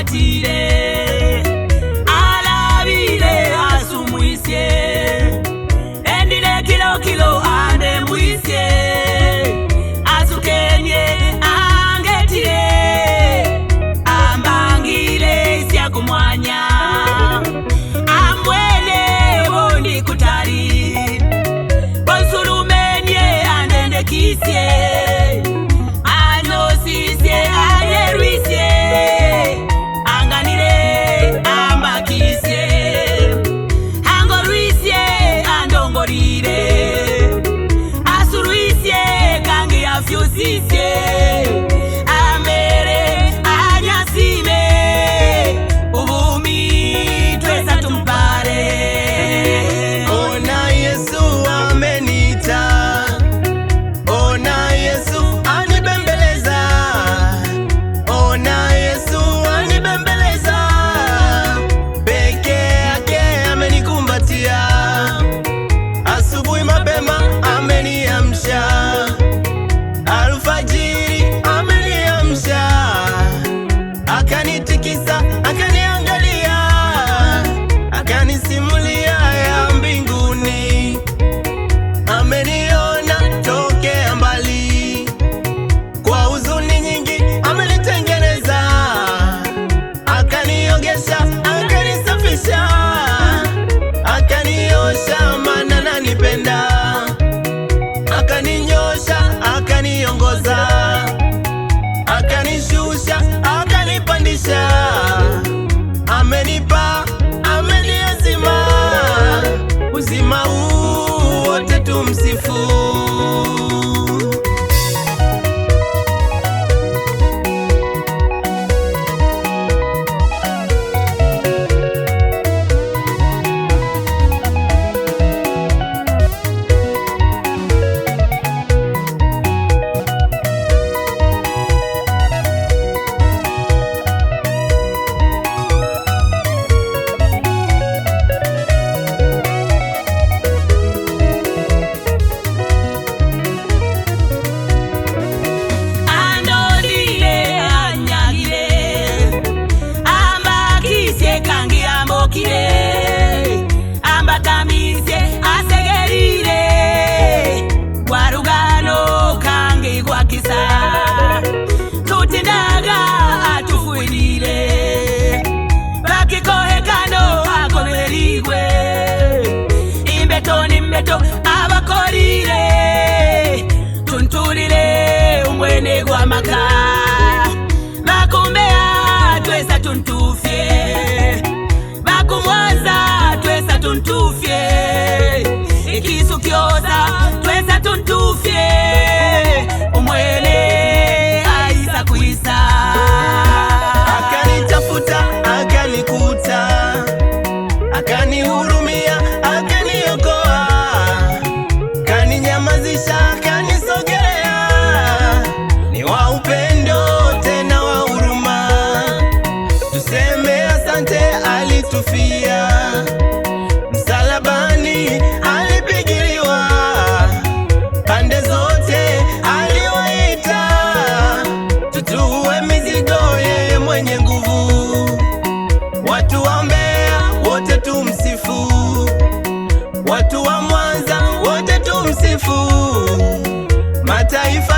ubatire Akaninyosha, akaniongoza, akanishusha, akanipandisha, amenipa, ameniazima uzima huu wote tumsifu kanihurumia, akaniokoa, kaninyamazisha, kanisogelea, ni wa upendo tena wa huruma, tuseme asante, alitufia msalabani, alipigiliwa, pande zote aliwaita, tutue mizigo, yeye mwenye nguvu, watu wambe wote tumsifu, watu wa Mwanza wote tumsifu, mataifa